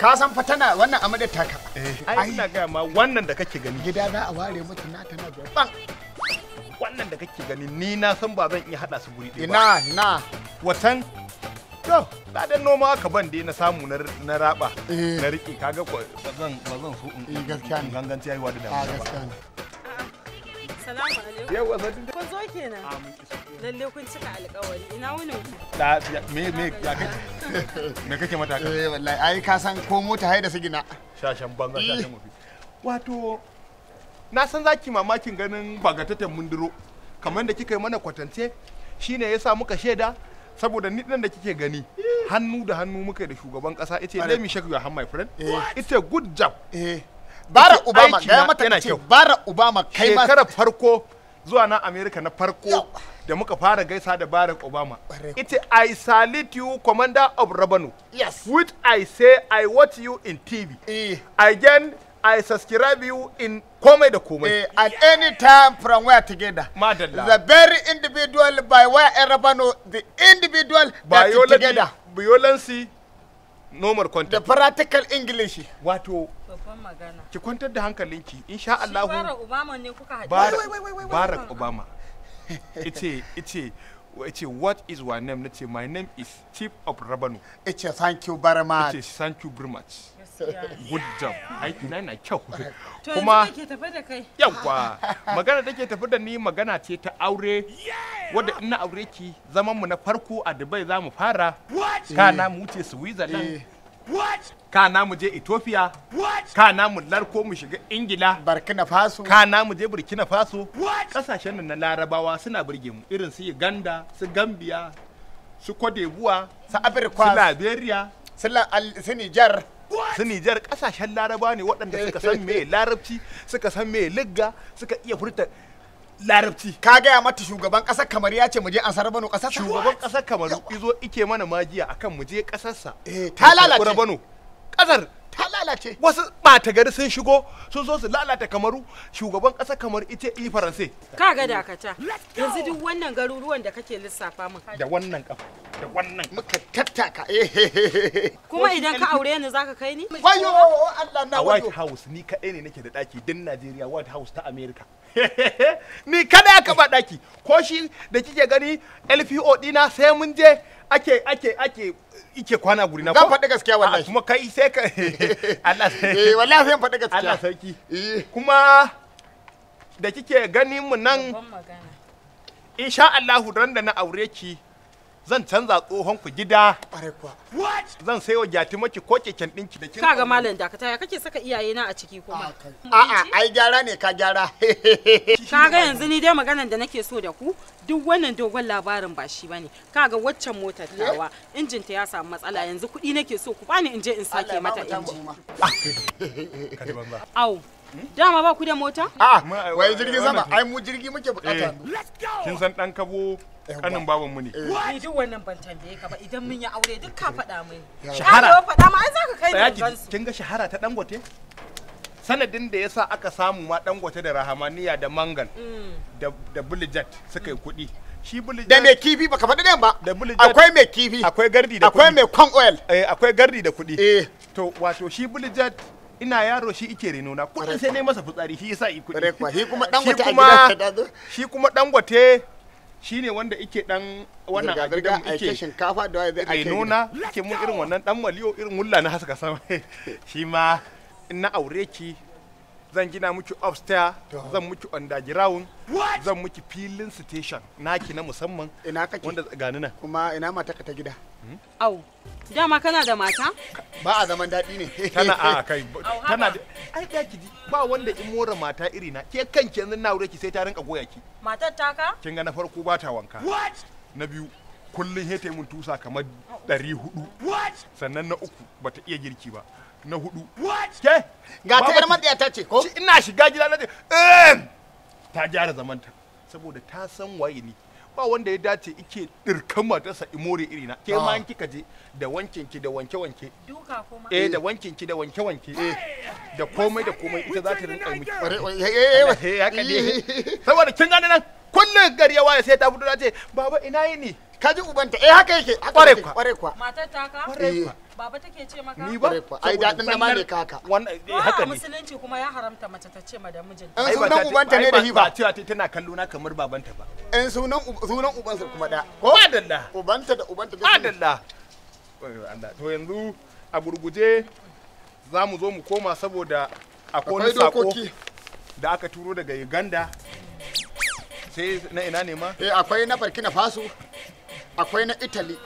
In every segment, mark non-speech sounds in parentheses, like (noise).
ka san fa tana wannan amada taka eh, ai ina ga ma wannan da kake gani gida za a ware mata na tana ban wannan da kake gani ni na san ba zan iya hada su guri ɗaya ba ina watan to da dan noma aka ban dai na samu na na raba eh. na rike kaga ba zan ba zan so in eh, ah, gaskiya ne ganganci yayi wa da damuwa ba Assalamu alaikum. Yau wasan Kun zo kenan. Ah, Lalle kun cika alƙawari. Ina wuni Da me me ya kake? Me kake mata? Eh wallahi ai ka san ko mota haida su gina. Shashan banza eh. shashan mafi. Wato na san zaki mamakin ganin bagatatan munduro kamar da kika yi mana kwatance shine ya sa muka shaida saboda ni da kike gani hannu da hannu muka yi da shugaban kasa ita Lemi Shehu Yahan my friend. Eh. It's a good job. Eh. bara obama gaya mata ce bara obama kai ma shekarar farko zuwa na america na farko da muka fara gaisa da bara obama ite i salute you commander of rabanu yes which i say i watch you in tv eh. again I subscribe you in komai da komai. Eh, at any time from where together. Madalla. The very individual by where Erabano, the individual that together. Violence normal content The practical english wato babban magana ki kwantar da hankalinki insha Allah Barack Obama ne kuka haɗu Barack Obama (laughs) ice ice ce what is your name na ce my name is chief of rabanu ce thank you very much ce thank you very much good job aiki na yana kyau (laughs) kuma yawa magana take tafi da ni magana ce ta aure wadda ina aure ki zamanmu na farko a Dubai za mu fara kana mu wuce Switzerland eh. ka mu je ethiopia kana mu larko mu shiga ingila burkina faso mu je burkina faso kasashen nan na larabawa suna burge mu irin su uganda su gambia su cote d'ivoire su afirka su liberia su niger su nijar kasashen larabawa ne waɗanda suka san me larabci suka san me ligga suka iya furta larabci ka gaya mata shugaban kasar kamar ya ce mu je an bano kasar shugaban kasar kamar izo ike mana magiya akan mu je kasar sa eh, ta lalace kasar ta lalace wasu bata gari sun shigo sun so su lalata kamaru shugaban kasar kamar ita i faransai ka ga dakata yanzu duk wannan garuruwan da kake lissafa min da wannan kafa da wannan muka tattaka eh, kuma idan ka aure ni zaka kai ni wayo oh, oh, Allah na wayo White House ni kadai ne nake da daki din Najeriya White House ta America (laughs) ni kada aka ba daki ko shi da kike gani LPO dina sai mun je ake ake ake ike kwana guri na ko faɗi gaskiya ah, wallahi kuma kai sai ka (laughs) Allah (laughs) eh wallahi sai faɗi gaskiya Allah sarki eh. kuma da kike ganin mu nan insha Allah ran da na aure ki zan canza tsohon ku gida zan sai wa gyati maki ko keken ɗinki da kin kaga malam dakata ya kake saka iyaye na a ciki kuma a'a ai gyara ne ka gyara (laughs) kaga yanzu ni dai maganar da nake so da ku duk wannan dogon labarin ba shi bane kaga waccan motar tawa injin ta ya samu matsala yanzu kuɗi nake so ku bani in je in sake mata inji au Dama ba ku da mota? A, ah, wai jirgin sama, ai mu jirgi muke bukata. Eh, kin san dan kabo kanin baban mu ne. Eh. Ni duk wannan ban tambaye ka ba idan mun yi aure duk ka faɗa mun. Shahara. Ka faɗa ma ai zaka kai ni gansu. Kin ga shahara ta Dangote? sanadin da yasa aka samu ma dangote da rahamaniya da mangan mm. da da bulijat suka yi mm. kuɗi shi bulijat da mai kifi baka faɗi ɗan ba da bulijat akwai mai kifi akwai gardi da kuɗi akwai mai kwan oil Eh akwai gardi da kuɗi eh. to wato shi bulijat ina yaro shi ike reno na kudin sai ne masa fitsari shi yasa yi kuɗi shi kuma wata a gidan shi kuma dangote shi ne wanda ike dan wannan a gidan ike shinkafa da wai zai reno na ke mun irin wannan dan waliyo irin wulla na haska sama (laughs) shi ma na aure ki zan gina miki upstairs zan miki underground zan miki filin station naki na musamman ina kake wanda gani na kuma ina mata ka ta gida hmm? au dama kana da mata ba a zaman daɗi ne (laughs) tana a kai tana ai da ki ba wanda in more mata iri na ke kanki yanzu na wure ki sai ta rinka goya ki matar ka? kin ga na farko ba ta wanka na biyu kullun hete mun tusa kamar 400 sannan na uku bata iya girki ba na hudu ke ga ta yar matsiya ta ce ko ina shiga gida na eh ta zaman zamanta saboda ta san waye ni ba wanda ya dace ike dirkan matarsa imore iri na ke ma ah. kika je da wankin ki da wanke wanke duka kuma eh da wankin ki da wanke wanke eh da komai da komai ita za ta rinka miki eh eh haka ne eh. saboda kin gane nan kullun gari ya waye sai ta fito ta ce baba ina yi ni? kaji ubanta eh haka yake kware kwa kware kwa matar ta ka eh. kware kwa baba take ce maka ni ba ai dadin da ma ne kaka wannan eh, haka ne musulunci kuma ya haramta mace ta ce madam mijin ai sunan ubanta ne da hiba cewa ta tana kallo na kamar babanta ba in sunan sunan ubansa kuma da ko adalla ubanta da ubanta adalla to yanzu a gurguje za mu zo mu koma saboda akwai sako da aka turo daga uganda sai na ina ne ma eh akwai na burkina faso akwai na italy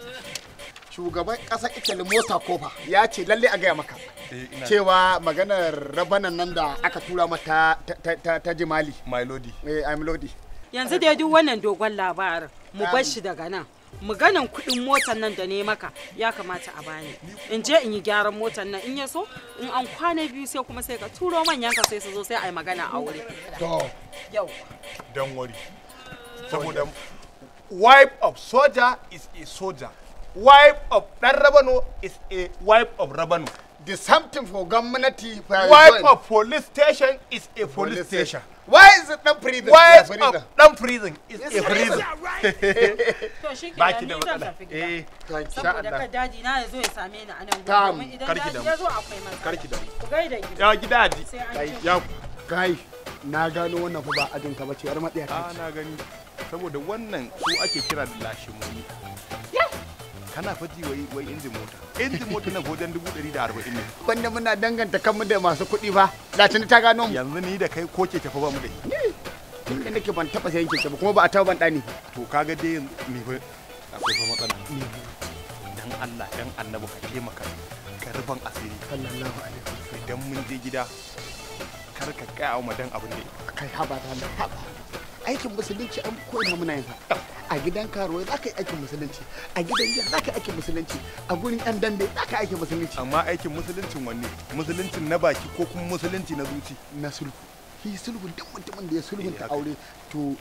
shugaban ƙasar italy mota kofa ya ce lalle a gaya maka eh, cewa maganar rabanan nan da aka tura mata ta jimali milodi eh, yanzu dai duk wannan dogon labarin mu bar shi daga nan mu ganin kudin motar nan da ne maka ya kamata a bani in je in yi gyaran motar nan in ya so in an kwana biyu sai kuma sai ka turo manyan ka sai su zo sai a yi magana a wuri to yau dan wari saboda wife of soja is a soldier wife of dan rabano is a wife of rabano the same for government wife of police station is a police, station. station why is it not prison wife is of dan prison is yes, a prison (laughs) to shi da eh na da gida kai na gano wannan fa ba ajin ka ce, har matsiya ta ah na gani saboda wannan su ake kira da lashimuni kana faji wai wai injin mota injin mota na wajen dubu ɗari da arba'in ne wanda muna danganta kanmu da masu kuɗi ba. da tuni ta gano mu yanzu ni da kai ko ke tafi ba mu da inda nake ban taɓa sayan keke ba kuma ba a taɓa ban ɗani to kaga dai me fa akwai fa matsala dan Allah dan annabi ka taimaka ka rufan asiri sallallahu alaihi wasallam idan mun je gida kar ka kai a ma dan abin da kai haba ta haba aikin musulunci an koya muna yin a gidan karuwa za ka yi aikin musulunci a gidan giya za ka yi aikin musulunci a gurin yan dande za ka yi aikin musulunci amma aikin musuluncin wanne musuluncin na baki ko kuma musulunci na zuci na sulhu shi sulhu duk mutumin da ya sulhunta eh, aure to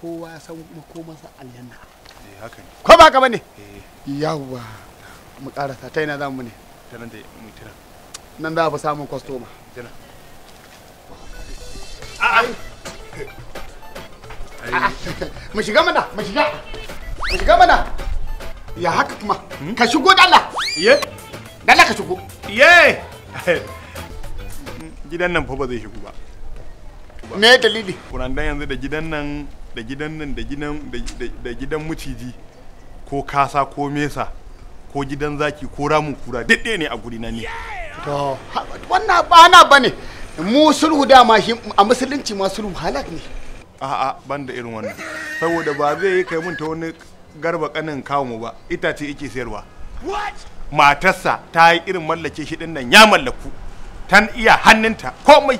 kowa ya san makomansa aljanna eh haka ne ko ba ka bane eh. yawa mu karasa ta ina zamu ne ta nan da mu tira nan za a fi samun kwastoma a mu shiga mana mu shiga mu shiga mana ya haka kuma ka shigo dalla ye dalla ka shigo ye gidan nan fa ba zai shigo ba me dalili kurandan yanzu da gidan nan da gidan nan da gidan da gidan muciji ko kasa ko mesa ko gidan zaki ko ramin kura daɗe ne a guri na ne to wannan ba na bane mu sulhu dama shi a musulunci ma sulhu halak ne a'a ban da irin wannan saboda ba zai yi kai mun ta wani garba kanin kawo mu ba itace yake sayarwa matarsa ta yi irin mallake shi din nan ya mallaku tan iya hannunta komai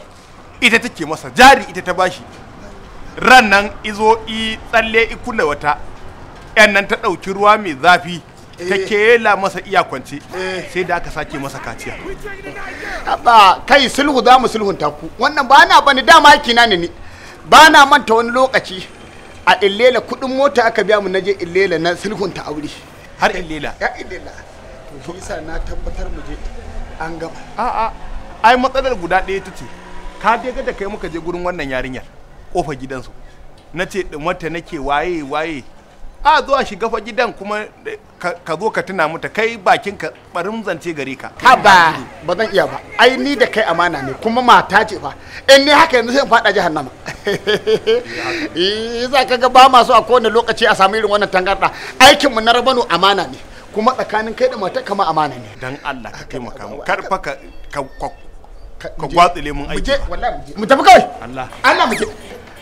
ita take masa jari ita ta bashi ran nan izo i tsalle i wata yan nan ta ɗauki ruwa mai zafi ta eh. kela masa iyakwance eh. sai da aka sake masa kaciya ba kai sulhu za mu sulhunta ku wannan ba na bani dama kina ne ni ba na manta wani lokaci a illela kudin mota aka biya mu na je illela na sulhunta aure har illela ya illela to yasa na tabbatar mu je an gama a a ai matsalar guda ɗaya tace ka je ga da kai muka je gurin wannan yarinyar kofar gidansu na ce mata nake waye waye a zo a shiga fa gidan kuma ka zo ka tuna mata kai bakin ka barin zance gare ka haba ba zan iya ba ai ni da kai amana ne kuma mata ce fa in ni haka yanzu sai in fada jahannama (laughs) eh za ka ga ba masu a kowane lokaci a samu irin wannan tangarda aikin mu na rabano amana ne kuma tsakanin kai da mata kama amana ne dan Allah ka taimaka mu (laughs) kar fa ka ka kwatsile mun aiki mu je wallahi mu tafi kai Allah Allah mu je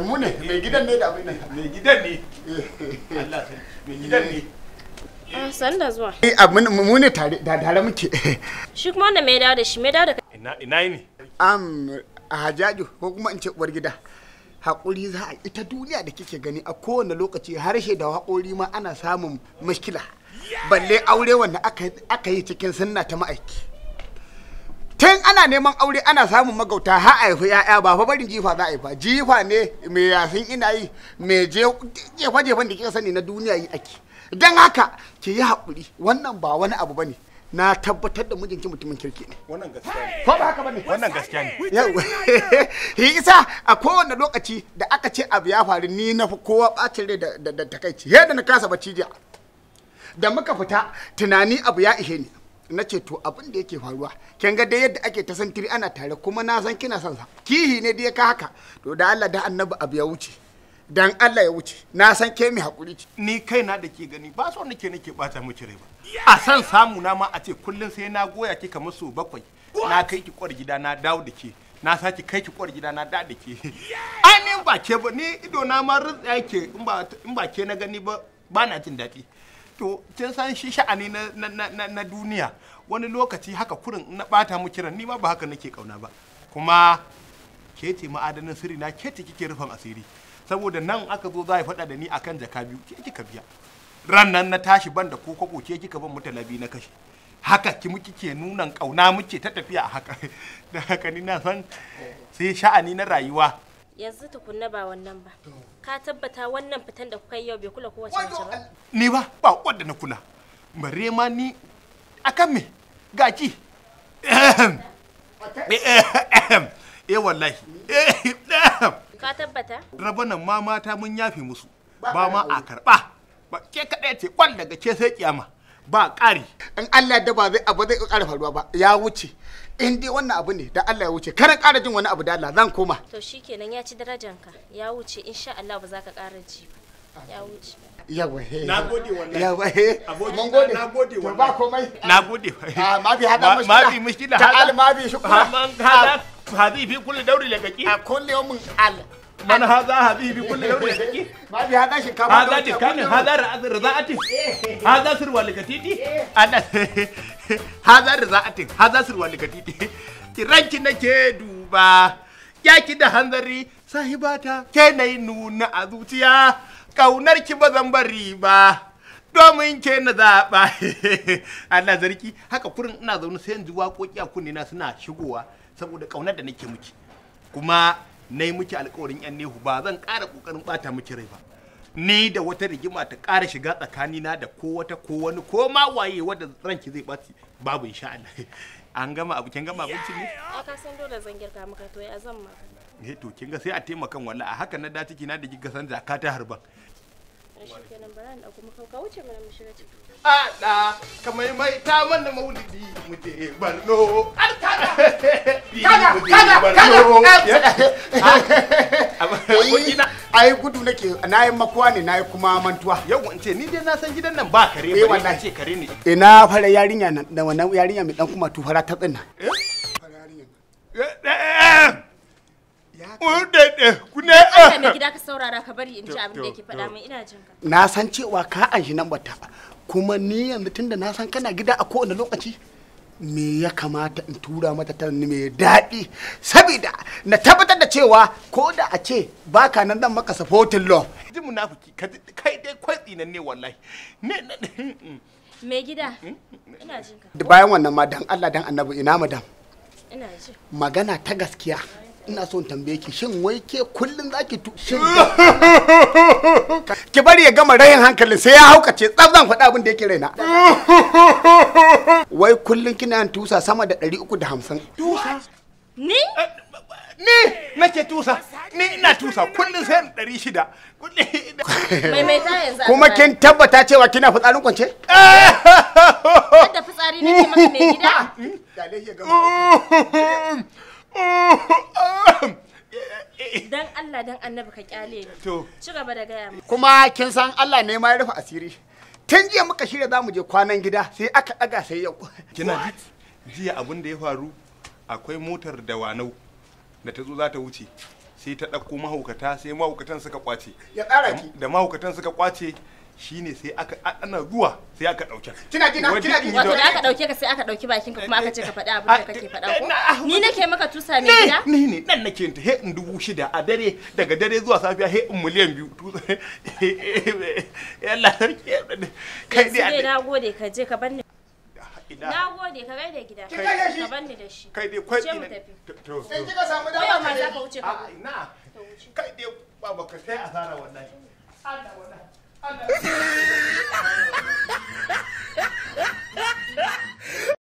mu ne eh, mai gidan ne da abin nan mai gidan ne eh. Allah sai mai gidan ne Ah, san da zuwa. Eh, abin ah, mu ne tare da tare muke. (laughs) Shi kuma wanda mai dawo da shi, mai dawo da Ina ina ne? Am Hajaju ko kuma in ce uwar gida. Hakuri za a ita duniya da kike gani a kowane lokaci harshe da haƙori ma ana samun mashkila. Balle aure wanda aka yi cikin sunna ta ma'aiki. tun ana neman aure ana samun magauta ha a haifi ya'ya ba fa barin jifa za a haifa jifa ne me yafin ina yi me jefa jefan da kika sani na duniya yi ake don haka ki yi haƙuri wannan ba wani abu bane na tabbatar da mijinki mutumin kirki ne wannan gaskiya ne ko ba haka bane wannan gaskiya ne yi (laughs) isa a kowane lokaci da aka ce abu ya faru ni na fi kowa bacin rai da takaici yadda na kasa bacci jiya da muka fita tunani abu ya ishe ni na ce to abin da yake faruwa kin ga dai yadda ake ta santiri ana tare kuma na san kina son sa kihi ne dai ka haka to da Allah da annabi abu ya wuce dan Allah ya wuce na san ke mi hakuri ce ni kaina da ke gani ba so nake nake bata miki rai ba a san samu na ma a ce kullun sai na goya ki kamar su bakwai na kai ki kwar gida na dawo da ke na saki kai ki kwar gida na da da ke ai ni ba ke ba ni ido na ma rutsa yake in ba in ba ke na gani ba ba na jin daɗi to kin san shi sha'ani na na na duniya wani lokaci haka kurin na bata mu kiran ni ma ba haka nake kauna ba kuma ke ce ma'adanin sirri na ke ce kike rufin asiri saboda nan aka zo za ya faɗa da ni akan jaka biyu ke kika biya ran nan na tashi ban da ko ke kika ban mutala biyu na kashe haka ki muke ke nunan kauna muke ta tafiya a haka (laughs) da haka ni na san sai sha'ani na rayuwa yanzu tukunna ba wannan ba ka tabbata wannan fitan da kuka yi yau bai kula kowace mace ba ni ba ba wanda na kula bare ma ni akan me gaki eh wallahi ka tabbata rabanan ma mata mun yafe musu ba ma a karba ba ke kaɗai ce kwal daga ke sai kiyama ba ƙari in Allah da ba zai abu zai ƙara faruwa ba ya wuce in dai wannan abu ne da Allah ya wuce karan ƙara jin wani abu da Allah zan koma to shikenan ya ci darajanka ya wuce insha Allah ba za ka ƙara ji ba ya wuce yawa he na gode wallahi yawa he mun gode na gode wallahi ba komai na gode a ah, ma bi hada mushkila ma bi mushkila hada ma bi shukura man hada hadi fi kulli dawri lakaki a kulli yawmin al من هذا حبيبي كل يوم ما بي هذا شكاوى هذا هذا رضاعتي هذا سروال لكتيتي هذا هذا titi. لكتيتي na nake duba yaki da hanzari sahibata ke na yi nuna a zuciya ƙaunarki ki ba zan bari ba domin ke na zaɓa (laughs) Allah zarki haka kurin ina zaune sai yanzu waƙoƙi a kunnena suna shigowa saboda ƙaunar da nake miki kuma na yi miki alkawarin yan nehu ba zan ƙara ƙoƙarin ɓata miki rai ba ni da wata rigima ta ƙara shiga tsakanina da ko wata ko wani ko ma waye wanda ranki zai ɓaci babu insha Allah (laughs) an gama abu kin gama abinci ne a ka san dole zan girka maka to ya zan maka eh to kin ga sai a taimakan wallahi a haka na da ciki na da kika san zakata harban Ada kamar mai ta mana maulidi mu je gudu nake na yi makuwa ne na yi kuma mantuwa. Yau in ce ni gidan nan ba kare eh, ba ce fara yarinya nan da dan kuma tufara ta tsinna. Eh? Fara yarinya. Eh. eh, eh. Ya. mai gida ka saurara ka bari in ji abin da yake faɗa mai ina jin ka na san cewa ka anshi nan bata kuma ni yanzu tunda na san kana gida a kowane lokaci me ya kamata in tura mata ta mai daɗi saboda na tabbatar da cewa ko da a ce baka nan dan maka supporting law ji kai dai kwatsi nan ne wallahi hmm, hmm. gida hmm, ina jin ka bayan wannan ma dan Allah dan Annabi ina madam ina ji magana ta gaskiya ina so in tambaye ki shin wai ke kullun zaki tu shin (laughs) (laughs) ki bari ya gama rayin hankalin sai ya haukace tsaf zan faɗa abin da yake raina (laughs) wai kullun kina yin tusa sama da 350 tusa ni eh, ni nake tusa ni ina tusa kullun sai ɗari shida kuma kin tabbata cewa kina fitsarin kwance da fitsari nake maka mai gida Dan Allah dan Annabi ka kyale ni. To. Ci gaba da gaya mu. Kuma kin san Allah ne ma ya rufe asiri. Tun jiya muka shirya za mu je kwanan gida sai aka ɗaga sai yau. Kina jiya abin da ya faru akwai motar da wanau da ta zo za ta wuce. sai ta ɗauko mahaukata sai mahaukatan suka kwace. Ya ƙara Da mahaukatan suka kwace shine sai aka ana ruwa sai aka dauke kina kina kina kina wato da aka dauke ka sai aka dauki bakin ka kuma aka ce ka faɗi abin da ah, kake eh, faɗa eh, ko ah, ni nake maka tusa ne eh, gida ni ne dan nake ta he in dubu shida a dare daga dare zuwa safiya he in miliyan biyu tusa (laughs) yalla sarki kai dai na gode ka je ka banni gida. Ah, na gode ka gaida gida. Ka banni da shi. Kai dai kwai. Ce mu tafi. To. Sai kika samu dama ka wuce ka. A'a ina. Kai dai baba ka sai asara wallahi. Allah wallahi. Ada. (laughs)